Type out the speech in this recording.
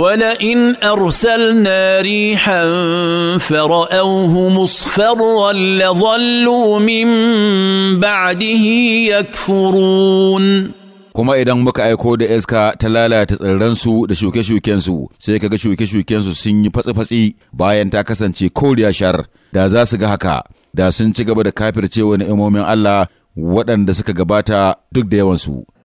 ولئن ارسلنا ريحا فراوه مصفرا لظلوا من بعده يكفرون kuma idan muka aiko da iska ta lalata tsirransu da shuke-shukensu sai kaga shuke-shukensu sun yi fatsi-fatsi bayan ta kasance koriya shar da za su ga haka da sun ci gaba da kafircewa na imomin Allah waɗanda suka gabata duk da yawansu